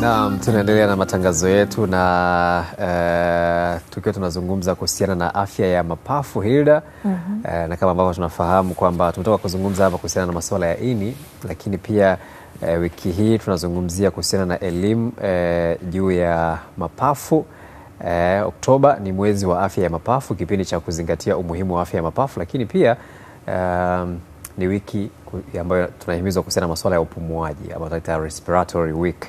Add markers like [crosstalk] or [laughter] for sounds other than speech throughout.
Naam, tunaendelea na matangazo yetu na uh, tukiwa tunazungumza kuhusiana na afya ya mapafu Hilda. mm -hmm. Uh, na kama ambavyo tunafahamu kwamba tumetoka kuzungumza hapa kuhusiana na masuala ya ini, lakini pia uh, wiki hii tunazungumzia kuhusiana na elimu uh, juu ya mapafu. Uh, Oktoba ni mwezi wa afya ya mapafu, kipindi cha kuzingatia umuhimu wa afya ya mapafu, lakini pia uh, ni wiki ambayo tunahimizwa kuhusiana na masuala ya upumuaji ama tunaita respiratory week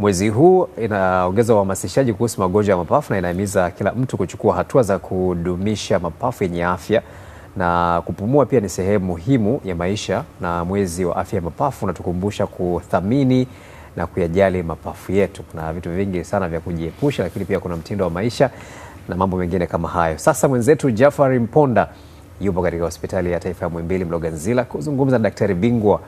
mwezi huu inaongeza uhamasishaji kuhusu magonjwa ya mapafu na inahimiza kila mtu kuchukua hatua za kudumisha mapafu yenye afya na kupumua pia ni sehemu muhimu ya maisha. Na mwezi wa afya ya mapafu unatukumbusha kuthamini na kuyajali mapafu yetu. Kuna vitu vingi sana vya kujiepusha, lakini pia kuna mtindo wa maisha na mambo mengine kama hayo. Sasa mwenzetu Jafari Mponda yupo katika hospitali ya taifa ya Muhimbili Mloganzila kuzungumza na daktari bingwa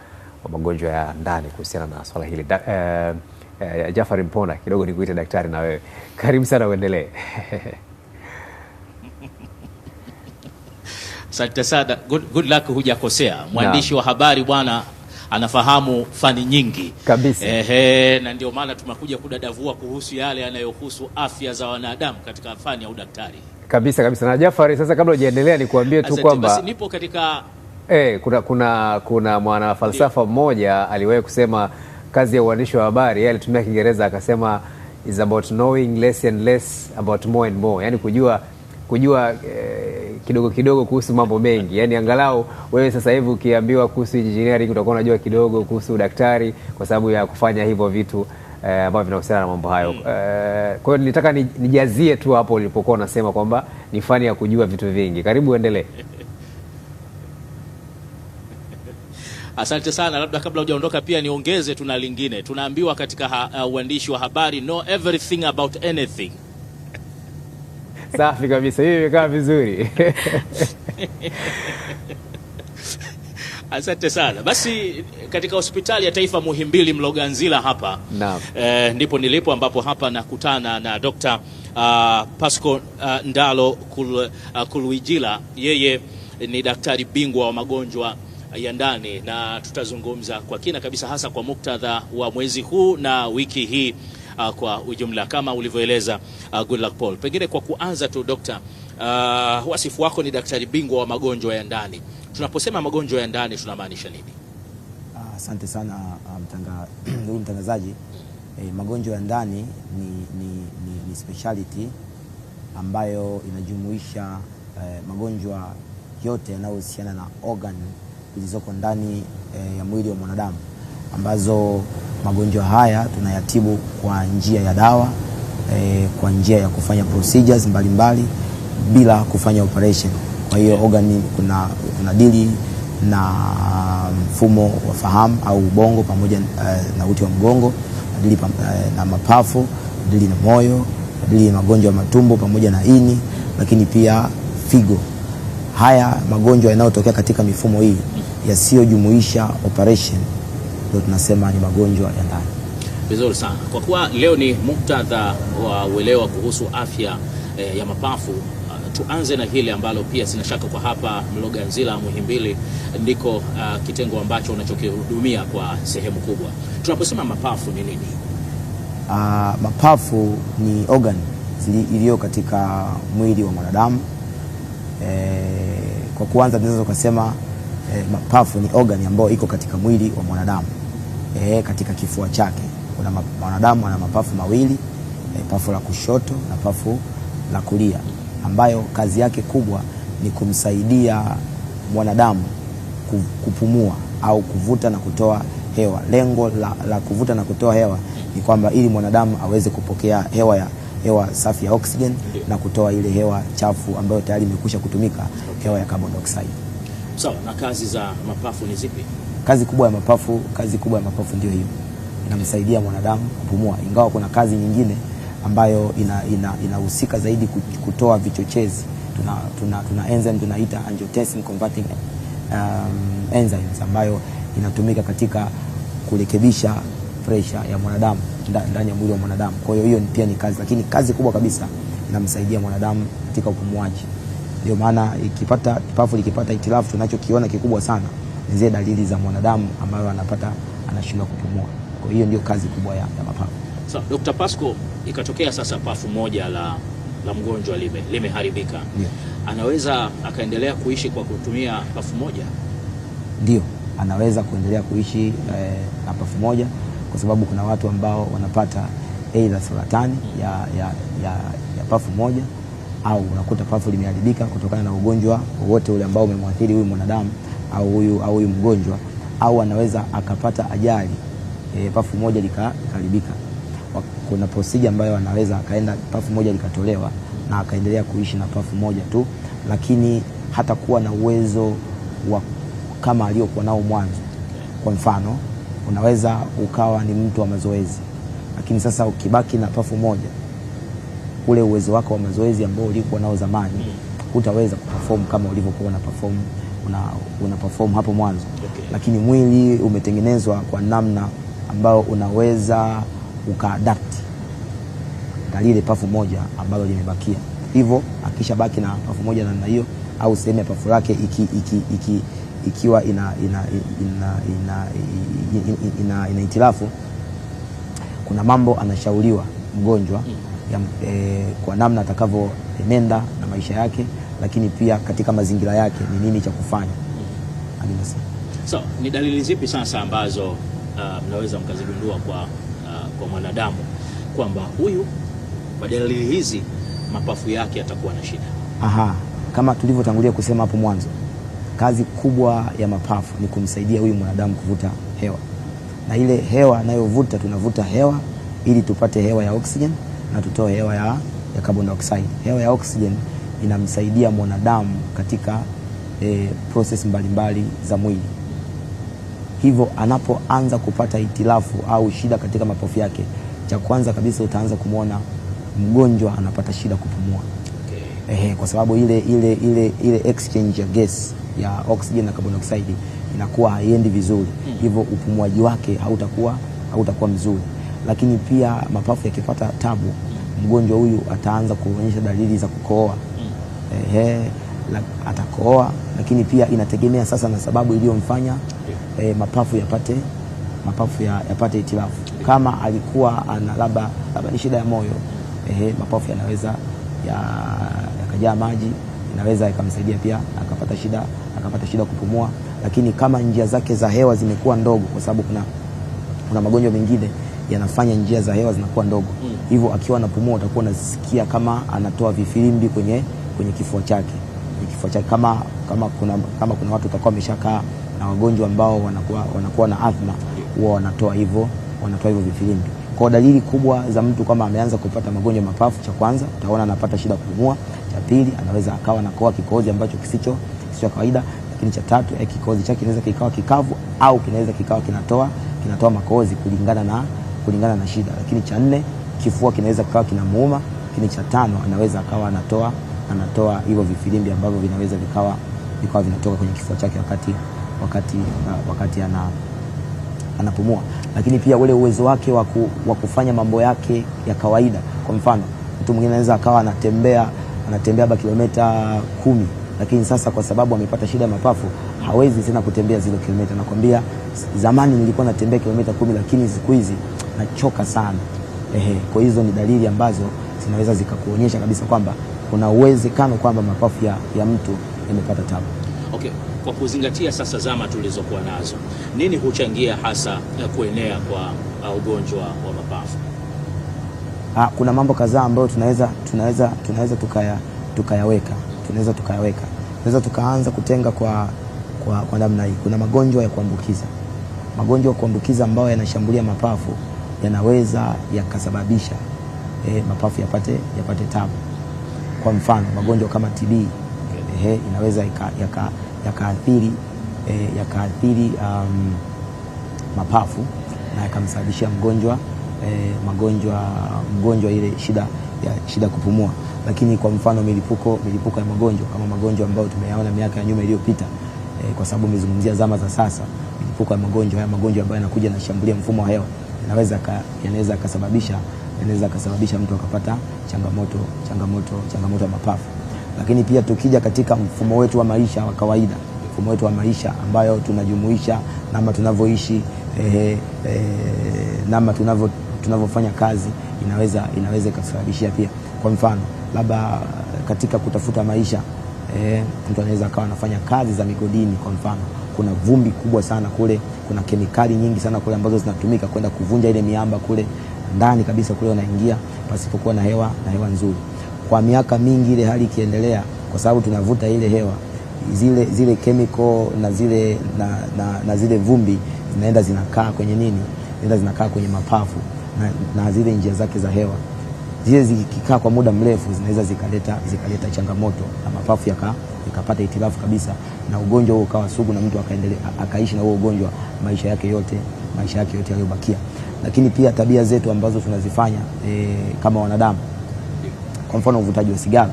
wa magonjwa ya ndani kuhusiana na swala hili da, eh, eh, Jafari Mpona, kidogo nikuite daktari na wewe. [laughs] Karibu sana, uendelee. [laughs] Asante sana. Good, good luck, hujakosea. Mwandishi wa habari bwana anafahamu fani nyingi kabisa. Ehe, na ndio maana tumekuja kudadavua kuhusu yale yanayohusu afya za wanadamu katika fani ya udaktari kabisa kabisa. Na Jafari, sasa kabla hujaendelea, nikuambie tu kwamba nipo katika eh, kuna kuna kuna mwanafalsafa mmoja aliwahi kusema kazi ya uandishi wa habari, yeye alitumia Kiingereza akasema is about knowing less and less about more and more, yani kujua kujua eh, kidogo kidogo kuhusu mambo mengi, yani angalau wewe sasa hivi ukiambiwa kuhusu engineering utakuwa unajua kidogo kuhusu daktari kwa sababu ya kufanya hivyo vitu eh, ambavyo vinahusiana na mambo hayo mm. Eh, kwa hiyo nilitaka nijazie tu hapo ulipokuwa unasema kwamba ni fani ya kujua vitu vingi. Karibu uendelee. Eh, Asante sana. Labda kabla hujaondoka, pia niongeze, tuna lingine tunaambiwa katika ha, uh, uandishi wa habari know everything about anything. Safi kabisa, hii imekaa vizuri. Asante sana. Basi katika hospitali ya taifa Muhimbili Mloganzila hapa eh, ndipo nilipo ambapo hapa nakutana na Dr. uh, Pasco uh, Ndalo Kul, uh, Kulwijila. Yeye ni daktari bingwa wa magonjwa ya ndani, na tutazungumza kwa kina kabisa, hasa kwa muktadha wa mwezi huu na wiki hii uh, kwa ujumla kama ulivyoeleza uh, luck Paul. Pengine kwa kuanza tu dokta, uh, wasifu wako ni daktari bingwa wa magonjwa ya ndani. Tunaposema magonjwa ya ndani tunamaanisha nini? Ah, asante uh, sana [clears throat] ndugu uh, mtangazaji mtanga eh, magonjwa ya ndani ni, ni, ni, ni speciality ambayo inajumuisha eh, magonjwa yote yanayohusiana na organ zilizoko ndani e, ya mwili wa mwanadamu ambazo magonjwa haya tunayatibu kwa njia ya dawa e, kwa njia ya kufanya procedures mbalimbali mbali, bila kufanya operation. Kwa hiyo organ kuna, kuna dili na mfumo wa fahamu au ubongo pamoja eh, na uti wa mgongo, dili na mapafu, dili na moyo, dili na magonjwa ya matumbo pamoja na ini, lakini pia figo. Haya magonjwa yanayotokea katika mifumo hii yasiyojumuisha operation ndio tunasema ni magonjwa ya ndani. Vizuri sana. Kwa kuwa leo ni muktadha wa uelewa kuhusu afya eh, ya mapafu uh, tuanze na hili ambalo pia sina shaka kwa hapa Mloganzila Muhimbili ndiko uh, kitengo ambacho unachokihudumia kwa sehemu kubwa. Tunaposema mapafu ni nini? Uh, mapafu ni organ iliyo katika mwili wa mwanadamu. E, kwa kuanza tunaweza tukasema E, mapafu ni organ ambayo iko katika mwili wa mwanadamu e, katika kifua chake kuna mwanadamu ana mapafu mawili e, pafu la kushoto na pafu la kulia ambayo kazi yake kubwa ni kumsaidia mwanadamu kupumua au kuvuta na kutoa hewa. Lengo la, la kuvuta na kutoa hewa ni kwamba ili mwanadamu aweze kupokea hewa ya hewa safi ya oxygen na kutoa ile hewa chafu ambayo tayari imekwisha kutumika, hewa ya carbon dioxide. Sawa. So, na kazi za mapafu ni zipi? Kazi kubwa ya mapafu, kazi kubwa ya mapafu ndio hiyo, inamsaidia mwanadamu kupumua, ingawa kuna kazi nyingine ambayo inahusika ina, ina zaidi kutoa vichochezi. Tuna, tuna, tuna enzyme tunaita angiotensin converting um, enzymes ambayo inatumika katika kurekebisha pressure ya mwanadamu ndani ya mwili wa mwanadamu. Kwa hiyo hiyo pia ni kazi, lakini kazi kubwa kabisa inamsaidia mwanadamu katika upumuaji. Ndio maana ikipata pafu likipata itilafu, tunachokiona kikubwa sana ni zile dalili za mwanadamu ambayo anapata anashindwa kupumua. Kwa hiyo ndio kazi kubwa ya, ya mapafu. So, Dr. Pasco, ikatokea sasa pafu moja la, la mgonjwa lime limeharibika, anaweza akaendelea kuishi kwa kutumia pafu moja? Ndio, anaweza kuendelea kuishi eh, na pafu moja kwa sababu kuna watu ambao wanapata aidha saratani ya, ya, ya, ya pafu moja au unakuta pafu limeharibika kutokana na ugonjwa wowote ule ambao umemwathiri huyu mwanadamu au huyu au huyu mgonjwa, au anaweza akapata ajali e, pafu moja likaharibika. Kuna procedure ambayo anaweza akaenda pafu moja likatolewa na akaendelea kuishi na pafu moja tu, lakini hata kuwa na uwezo wa kama aliyokuwa nao mwanzo. Kwa mfano, unaweza ukawa ni mtu wa mazoezi, lakini sasa ukibaki na pafu moja ule uwezo wako wa mazoezi ambao ulikuwa nao zamani hutaweza kuperform kama ulivyokuwa una perform, una, una perform hapo mwanzo okay. Lakini mwili umetengenezwa kwa namna ambayo unaweza ukaadapti lile pafu moja ambalo limebakia, hivyo akishabaki na pafu moja namna hiyo au sehemu ya pafu lake iki, iki, iki, ikiwa ina ina ina ina ina, ina, ina, ina hitilafu, kuna mambo anashauriwa mgonjwa mm ya, e, kwa namna atakavyoenenda na maisha yake, lakini pia katika mazingira yake ni nini cha kufanya. So, ni dalili zipi sasa ambazo uh, mnaweza mkazigundua kwa, uh, kwa mwanadamu kwamba huyu kwa dalili hizi mapafu yake yatakuwa na shida? Aha, kama tulivyotangulia kusema hapo mwanzo, kazi kubwa ya mapafu ni kumsaidia huyu mwanadamu kuvuta hewa, na ile hewa anayovuta tunavuta hewa ili tupate hewa ya oksijeni na tutoe hewa ya, ya carbon dioxide. Hewa ya oxygen inamsaidia mwanadamu katika e, process mbalimbali mbali za mwili. Hivyo anapoanza kupata itilafu au shida katika mapafu yake, cha kwanza kabisa utaanza kumwona mgonjwa anapata shida kupumua. Okay. Ehe, kwa sababu ile, ile, ile, ile exchange ya gas ya oxygen na carbon dioxide inakuwa haiendi vizuri, hmm. hivyo upumuaji wake hautakuwa hautakuwa mzuri lakini pia mapafu yakipata tabu, mgonjwa huyu ataanza kuonyesha dalili za kukohoa hmm. ehe, atakohoa, lakini pia inategemea sasa na sababu iliyomfanya e, mapafu yapate mapafu ya, yapate hitilafu. Kama alikuwa ana labda ni shida ya moyo ehe, mapafu yanaweza yakajaa ya maji, inaweza ikamsaidia pia akapata shida akapata shida kupumua, lakini kama njia zake za hewa zimekuwa ndogo, kwa sababu kuna, kuna magonjwa mengine yanafanya njia za hewa zinakuwa ndogo mm. Hivyo akiwa anapumua utakuwa unasikia kama anatoa vifilimbi kwenye, kwenye kifua chake kifua chake kama, kama, kuna, kama kuna watu watakuwa wameshakaa na wagonjwa ambao wanakuwa, wanakuwa na athma huwa wanatoa hivyo wanatoa hivyo vifilimbi. Kwa dalili kubwa za mtu kama ameanza kupata magonjwa mapafu, cha kwanza utaona anapata shida kupumua, cha pili anaweza akawa nakoa kikohozi ambacho kisicho sio kawaida, lakini cha tatu eh, kikohozi chake kinaweza kikawa kikavu au kinaweza kikawa kinatoa, kinatoa makohozi kulingana na kulingana na shida, lakini cha nne kifua kinaweza kikawa kinamuuma, lakini cha tano anaweza akawa anatoa anatoa hivyo vifilimbi ambavyo vinaweza vikawa vikawa vinatoka kwenye kifua chake wakati wakati uh, wakati ana anapumua, lakini pia ule uwezo wake wa kufanya mambo yake ya kawaida. Kwa mfano, mtu mwingine anaweza akawa anatembea anatembea ba kilomita kumi lakini sasa kwa sababu amepata shida ya mapafu hawezi tena kutembea zile kilomita. Nakwambia zamani nilikuwa natembea kilomita kumi, lakini siku hizi anachoka sana. Ehe, kwa hizo ni dalili ambazo zinaweza zikakuonyesha kabisa kwamba kuna uwezekano kwamba mapafu ya, ya mtu yamepata tabu. Okay. Kwa kuzingatia sasa zama tulizokuwa nazo, nini huchangia hasa eh, kuenea kwa uh, ugonjwa wa mapafu? Ha, ah, kuna mambo kadhaa ambayo tunaweza tunaweza tunaweza tukaya tukayaweka tunaweza tukayaweka tunaweza tukaanza kutenga kwa, kwa, kwa namna hii. Kuna magonjwa ya kuambukiza, magonjwa ya kuambukiza ambayo yanashambulia mapafu yanaweza yakasababisha eh, mapafu yapate, yapate tabu. Kwa mfano magonjwa kama TB eh, inaweza yakaathiri yaka eh, yaka um, mapafu na yakamsababishia mgonjwa eh, magonjwa mgonjwa ile shida ya shida kupumua. Lakini kwa mfano milipuko milipuko ya magonjwa kama magonjwa ambayo tumeyaona miaka ya nyuma iliyopita eh, kwa sababu nimezungumzia zama za sasa, milipuko ya magonjwa haya magonjwa ambayo yanakuja na shambulia mfumo wa hewa yanaweza yanaweza kasababisha yanaweza kasababisha mtu akapata changamoto changamoto changamoto ya mapafu. Lakini pia tukija katika mfumo wetu wa maisha wa kawaida, mfumo wetu wa maisha ambayo tunajumuisha namna tunavyoishi eh, eh, namna tunavyo tunavyofanya kazi inaweza inaweza ikasababishia pia, kwa mfano labda katika kutafuta maisha eh, mtu anaweza akawa anafanya kazi za migodini kwa mfano, kuna vumbi kubwa sana kule, kuna kemikali nyingi sana kule ambazo zinatumika kwenda kuvunja ile miamba kule ndani kabisa kule wanaingia pasipokuwa na hewa na hewa nzuri. Kwa miaka mingi ile hali ikiendelea, kwa sababu tunavuta ile hewa zile, zile chemical na zile, na, na, na zile vumbi zinaenda zinakaa kwenye nini, zinaenda zinakaa kwenye mapafu na, na zile njia zake za hewa zile zikikaa kwa muda mrefu zinaweza zikaleta, zikaleta changamoto na mapafu yaka, yakapata itilafu kabisa na ugonjwa huo ukawa sugu na mtu akaendelea akaishi na huo ugonjwa maisha yake yote maisha yake yote yaliyobakia. Lakini pia tabia zetu ambazo tunazifanya e, kama wanadamu, kwa mfano uvutaji wa sigara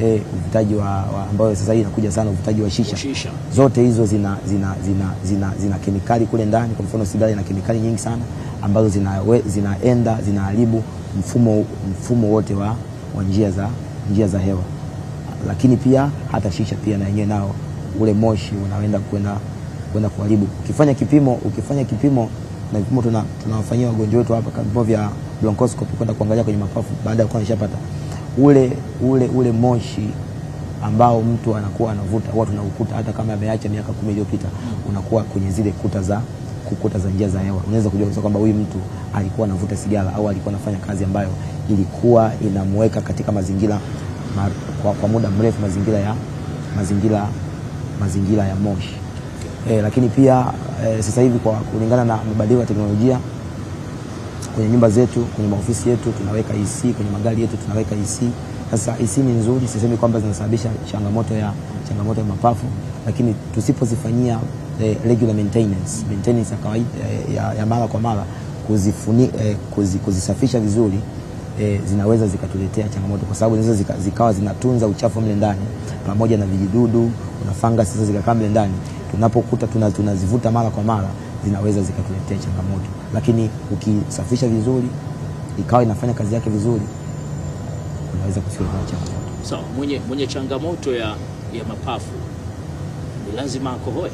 eh, uvutaji wa, wa ambayo sasa hivi inakuja sana uvutaji wa shisha. Shisha zote hizo zina, zina, zina, zina, zina kemikali kule ndani. Kwa mfano sigara ina kemikali nyingi sana ambazo zinaenda zinaharibu mfumo, mfumo wote wa, wa njia, za, njia za hewa, lakini pia hata shisha pia na yenyewe nao ule moshi unaenda kwenda kuharibu. Ukifanya kipimo ukifanya kipimo na vipimo tunawafanyia tuna wagonjwa wetu hapa vipimo vya bronchoscopy kwenda kuangalia kwenye mapafu baada ya kuwa nishapata ule ule ule moshi ambao mtu anakuwa anavuta huwa tunaukuta hata kama ameacha miaka kumi iliyopita, unakuwa kwenye zile kuta za kukuta za njia za hewa, unaweza kujua kwamba huyu mtu alikuwa anavuta sigara au alikuwa anafanya kazi ambayo ilikuwa inamweka katika mazingira ma, kwa, kwa muda mrefu mazingira ya mazingira mazingira ya moshi e, lakini pia e, sasa hivi kwa kulingana na mabadiliko ya teknolojia kwenye nyumba zetu, kwenye maofisi yetu tunaweka AC, e kwenye magari yetu tunaweka AC. E Sasa AC e ni nzuri, sisemi kwamba zinasababisha changamoto ya, changamoto ya mapafu, lakini tusipozifanyia eh, regular maintenance, maintenance ya kawaida eh, ya, ya mara kwa mara kuzifuni, eh, kuzi, kuzisafisha vizuri E, zinaweza zikatuletea changamoto kwa sababu zinaweza zika, zikawa zinatunza uchafu mle ndani pamoja na vijidudu na fangasi zikakaa mle ndani, tunapokuta tunazivuta mara kwa mara zinaweza zikatuletea changamoto, lakini ukisafisha vizuri, ikawa inafanya kazi yake vizuri, unaweza kusikia changamoto. Sawa, so, mwenye, mwenye changamoto ya, ya mapafu ni lazima akohoe.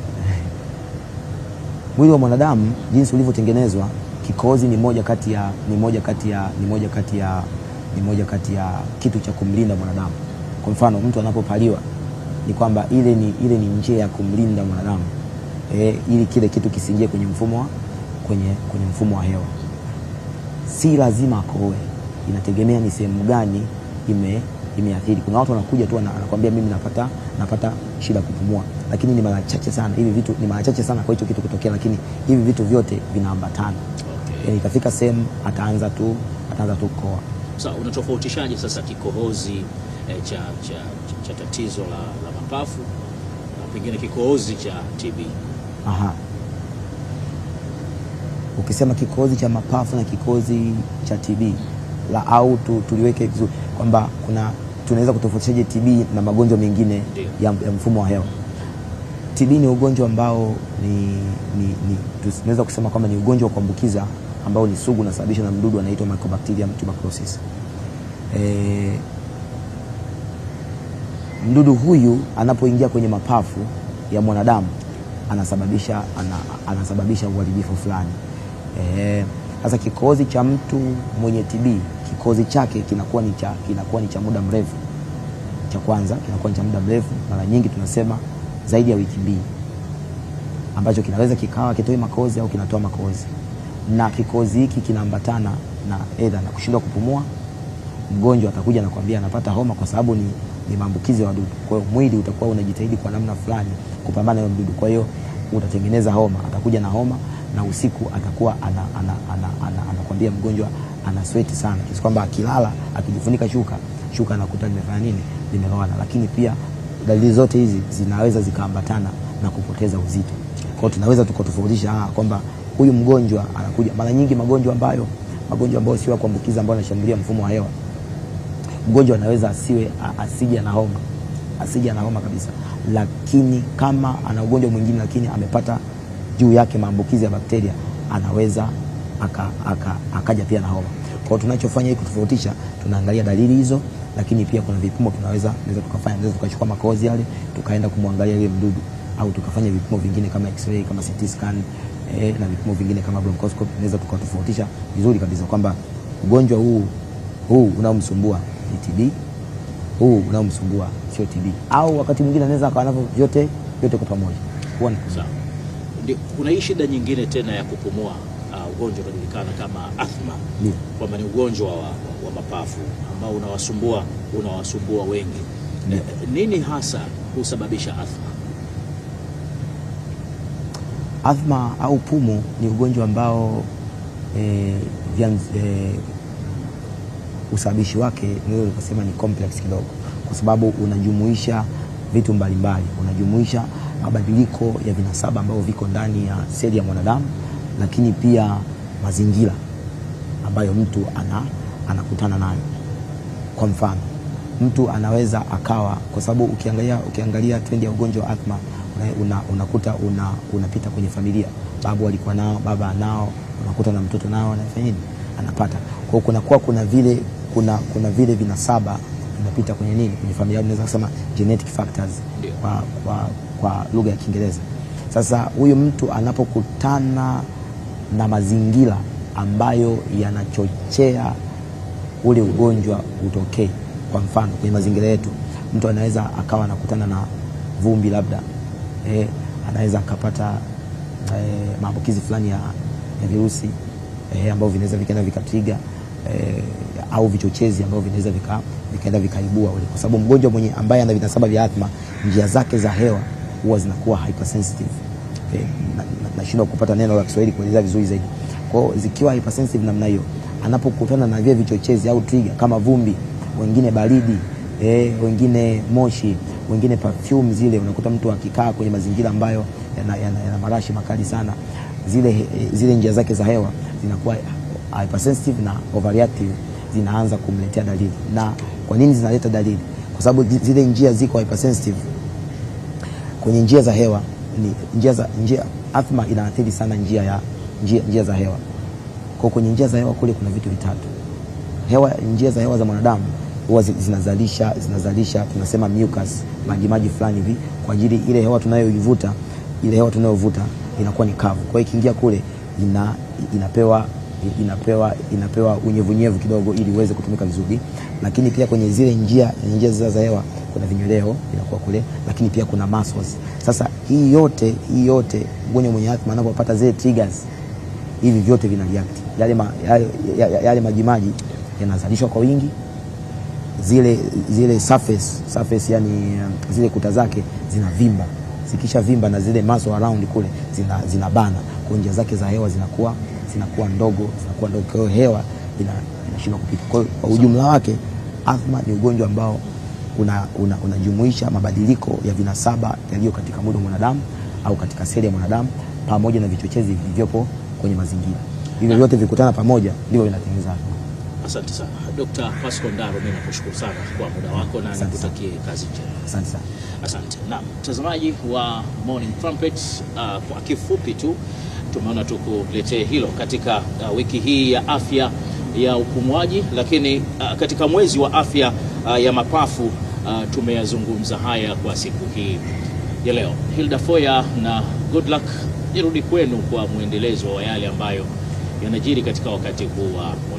[laughs] Mwili wa mwanadamu jinsi ulivyotengenezwa, kikozi ni moja kati ya ni moja kati ya ni moja kati ya ni moja kati ya kitu cha kumlinda mwanadamu. Kwa mfano, mtu anapopaliwa ni kwamba ile ni, ile ni njia ya kumlinda mwanadamu e, ili kile kitu kisiingie kwenye mfumo kwenye, kwenye mfumo wa hewa. Si lazima akoe, inategemea ni sehemu gani ime imeathiri. Kuna watu wanakuja tu anakuambia mimi napata napata shida kupumua, lakini ni mara chache sana hivi vitu, ni mara chache sana kwa hicho kitu kutokea, lakini hivi vitu vyote vinaambatana. Okay. E, ikafika sehemu ataanza tu ataanza tu koa sasa unatofautishaje sasa kikohozi eh, cha, cha, cha, cha tatizo la, la mapafu na pengine kikohozi cha TB? Aha. Ukisema kikohozi cha mapafu na kikohozi cha TB la au tu, tuliweke vizuri kwamba kuna tunaweza kutofautishaje TB na magonjwa mengine ya, ya mfumo wa hewa. TB ni ugonjwa ambao ni, ni, ni tunaweza kusema kwamba ni ugonjwa wa kuambukiza ambao ni sugu unasababishwa na mdudu anaitwa Mycobacterium tuberculosis. E, mdudu huyu anapoingia kwenye mapafu ya mwanadamu anasababisha, anasababisha uharibifu fulani. E, sasa e, cha mtu mwenye TB kikozi chake kinakuwa ni cha, kinakuwa ni cha muda mrefu cha kwanza kinakuwa ni cha muda mrefu, mara nyingi tunasema zaidi ya wiki mbili, ambacho kinaweza kikawa kitoe makozi au kinatoa makozi na kikozi hiki kinaambatana na edha na kushindwa kupumua, mgonjwa atakuja na kuambia anapata homa kwa sababu ni, ni maambukizi ya wadudu. Kwa hiyo mwili utakuwa unajitahidi kwa namna fulani kupambana na mdudu, kwa hiyo utatengeneza homa, atakuja na homa na usiku atakuwa anakwambia ana, ana, ana, ana, ana mgonjwa ana sweti sana kiasi kwamba akilala akijifunika shuka shuka anakuta limefanya nini, limelowana. Lakini pia dalili zote hizi zinaweza zikaambatana na kupoteza uzito, kwa hiyo tunaweza tukatofautisha ah, kwamba huyu mgonjwa anakuja. Mara nyingi magonjwa ambayo magonjwa ambayo sio ya kuambukiza ambayo yanashambulia mfumo wa hewa, mgonjwa anaweza asiwe asije na homa asije na homa kabisa, lakini kama ana ugonjwa mwingine, lakini amepata juu yake maambukizi ya bakteria, anaweza akaja aka, aka pia na homa. Kwa hiyo tunachofanya hii kutofautisha, tunaangalia dalili hizo, lakini pia kuna vipimo tunaweza tukafanya, tukachukua makozi yale tukaenda kumwangalia yule mdudu, au tukafanya vipimo vingine kama x-ray, kama CT scan eh, na vipimo vingine kama bronchoscopy tunaweza tukatofautisha vizuri kabisa kwamba ugonjwa huu huu unaomsumbua ni TB, huu unaomsumbua sio TB, au wakati mwingine anaweza akawa navyo vyote vyote kwa pamoja. kuna hii shida nyingine tena ya kupumua uh, ugonjwa unajulikana kama asthma, kwamba ni ugonjwa wa, wa mapafu ambao unawasumbua unawasumbua wengi. Eh, nini hasa husababisha asthma? Asthma au pumu ni ugonjwa ambao e, vyanz, e, usababishi wake naweza nikasema ni complex kidogo, kwa sababu unajumuisha vitu mbalimbali mbali. Unajumuisha mabadiliko ya vinasaba ambavyo viko ndani ya seli ya mwanadamu, lakini pia mazingira ambayo mtu ana, anakutana nayo. Kwa mfano mtu anaweza akawa, kwa sababu ukiangalia, ukiangalia trendi ya ugonjwa wa asthma Eh, unakuta una, una unapita kwenye familia, babu alikuwa nao, baba anao, unakuta na mtoto nao anafanya nini, anapata kwa kunakuwa kuna vile kuna, kuna vile vinasaba vinapita kwenye nini, kwenye familia, unaweza kusema genetic factors kwa, kwa, kwa lugha ya Kiingereza. Sasa huyu mtu anapokutana na mazingira ambayo yanachochea ule ugonjwa utokee, kwa mfano kwenye mazingira yetu, mtu anaweza akawa anakutana na vumbi labda eh, anaweza akapata eh, maambukizi fulani ya, ya virusi eh, ambavyo vinaweza vikaenda vikatiga eh, au vichochezi ambavyo vinaweza vika, vikaenda vikaibua ule, kwa sababu mgonjwa mwenye ambaye ana vinasaba vya athma njia zake za hewa huwa zinakuwa hypersensitive eh, nashindwa na, na kupata neno la Kiswahili kuelezea vizuri zaidi. Kwa hiyo zikiwa hypersensitive namna hiyo, anapokutana na vile vichochezi au trigger kama vumbi, wengine baridi eh, wengine moshi wengine perfume zile unakuta mtu akikaa kwenye mazingira ambayo yana, yana, yana marashi makali sana, zile, zile njia zake za hewa zinakuwa hypersensitive na overreactive, zinaanza kumletea dalili. Na kwa nini zinaleta dalili? Kwa sababu zile njia ziko hypersensitive kwenye njia za hewa ni njia za njia, athma inaathiri sana njia ya njia, njia za hewa. Kwa kwenye njia za hewa kule kuna vitu vitatu hewa njia za hewa za mwanadamu huwa zinazalisha zinazalisha tunasema mucus majimaji fulani hivi kwa ajili ile hewa tunayoivuta ile hewa tunayovuta inakuwa ni kavu. Kwa hiyo ikiingia kule ina, inapewa inapewa inapewa unyevunyevu kidogo ili iweze kutumika vizuri, lakini pia kwenye zile njia njia za hewa kuna vinyweleo inakuwa kule, lakini pia kuna muscles. Sasa hii yote hii yote mgonjwa mwenye asthma anapopata zile triggers, hivi vyote vina yale yale majimaji yanazalishwa kwa wingi zile, zile surface, surface yani zile kuta zake zinavimba, zikisha vimba na zile maso around kule zinabana, zina kwa njia zake za hewa zinakuwa zinakuwa ndogo zinakuwa ndogo, kwa hewa inashindwa kupita. Kwa hiyo kwa ujumla wake asthma ni ugonjwa ambao unajumuisha una, una mabadiliko ya vinasaba yaliyo katika mwili wa mwanadamu au katika seli ya mwanadamu pamoja na vichochezi vilivyopo kwenye mazingira. Hivyo vyote vikutana pamoja ndivyo vinatengeneza Asante sana Dr. Pascal Ndaro, mimi nakushukuru sana kwa muda wako na nikutakie kazi njema. Asante sana. Asante. Na mtazamaji wa Morning Trumpet, uh, kwa kifupi tu tumeona tukuletee hilo katika uh, wiki hii ya afya ya upumuaji, lakini uh, katika mwezi wa afya uh, ya mapafu uh, tumeyazungumza haya kwa siku hii ya leo. Hilda Foya na good luck, nirudi kwenu kwa mwendelezo wa yale ambayo yanajiri katika wakati huu wa